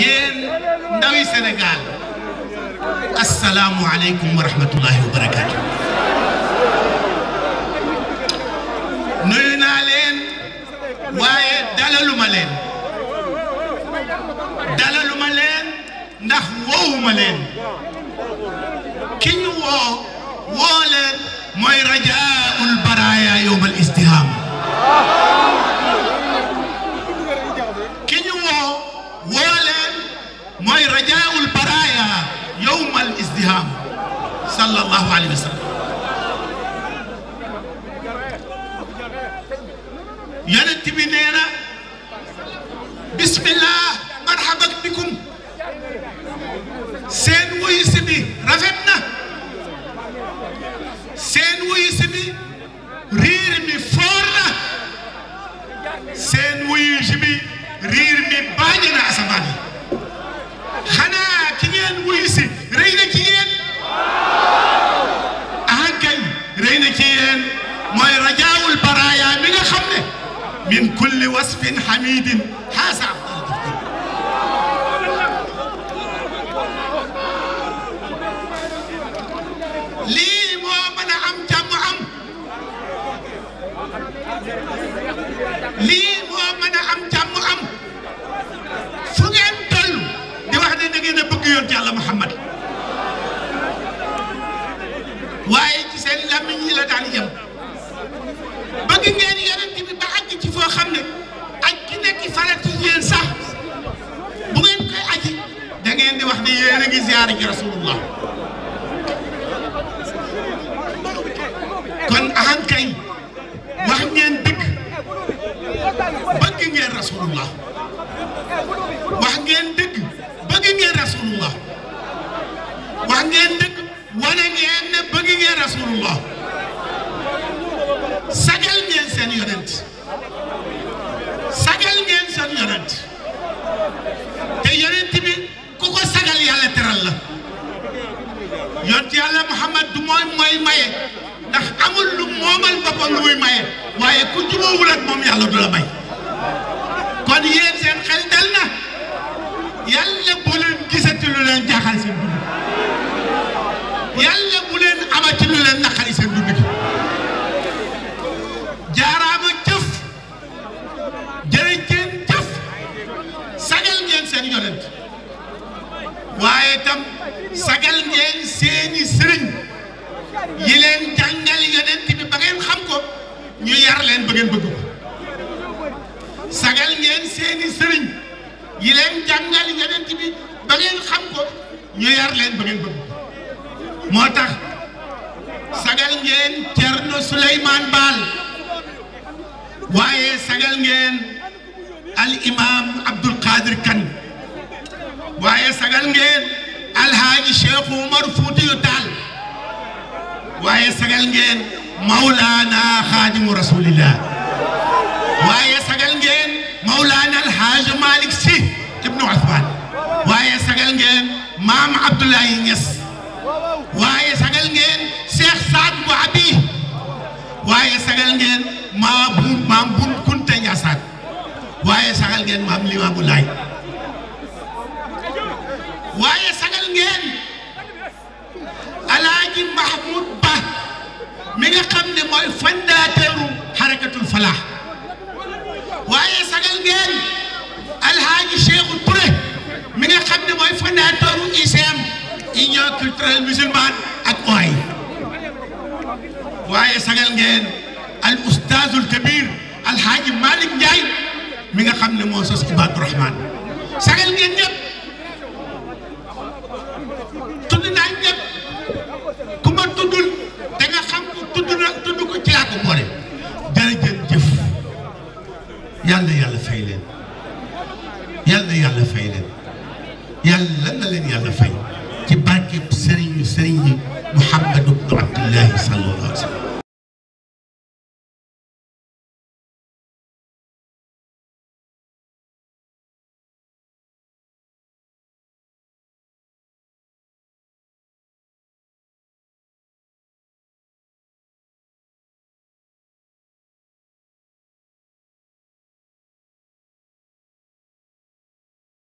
yéen ndawi Sénégal asalaamualeykum wa rahmatullahi wa barakaatu. nuyu naa leen waaye dalaluma leen dalaluma leen ndax woowuma leen ki ñu woo woo leen mooy rajaul baraaya yowmal istihaam dirham sallallahu alayhi wa sallam yonent bi nee na bismillah marhaban bikum seen wuyu si bi rafet na seen wuyu si bi riir mi foor na seen wuyu si bi riir mi baañ na asamaan yéene ci yéen mooy rajaawul baraaya mi nga xam ne min kulli wasfin hamidin xaasa lii moo mën a am jàmm am lii moo mën a am jàmm am fu ngeen toll di wax ne da ngeen a bëgg yoon ci Yàlla Muhammad ne yéen a wax ngeen dëgg bëgg ngeen wax ngeen dëgg bëgg ngeen wax ngeen dëgg wane ngeen ne bëgg ngeen rasulullah sagal ngeen seen yont yàlla Muhammad du mooy mooy maye ndax amul lu moomal boppam lu maye waaye ku jubóowul ak moom yàlla du la may kon yéen seen xel dal na seeni sëriñ yi leen jàngal yonent bi ba ngeen xam ko ñu yar leen ba ngeen bëgg ko sagal ngeen seeni sëriñ yi leen jàngal yonent bi ba ngeen xam ko ñu yar leen ba ngeen bëgg ko moo tax sagal ngeen Cerno Suleymaan Baal waaye sagal ngeen al imaam Abdul Qadir Kan waaye sagal ngeen alhaaji cheikh Umar Fuutiyu Taal waaye sagal ngeen mawlaana xaadimu rasulillah waaye sagal ngeen mawlaana alhaaji Malick Sy ibnu Usmaan waaye sagal ngeen maam Abdoulaye Niass waaye sagal ngeen cheikh Saad bu Abi waaye sagal ngeen maam bu maam bu Kunta Ndiassane waaye sagal ngeen maam Limaamu Laay falaax waaye sagal ngeen alhaaji Cheikhou Touré mi nga xam ne mooy fondateur u ICM union culturelle musulmane ak OAI waaye sagal ngeen al oustazul kabir alhaaji Malick Ndiaye mi nga xam ne moo sos Ibadou Rahman sagal ngeen ñëpp fay leen yàlla yàlla fay leen yàlla na leen yàlla fay ci barkeb sëriñu sëriñu Muhammadu bnu Abdillahi sallallahu alayhi wa sallam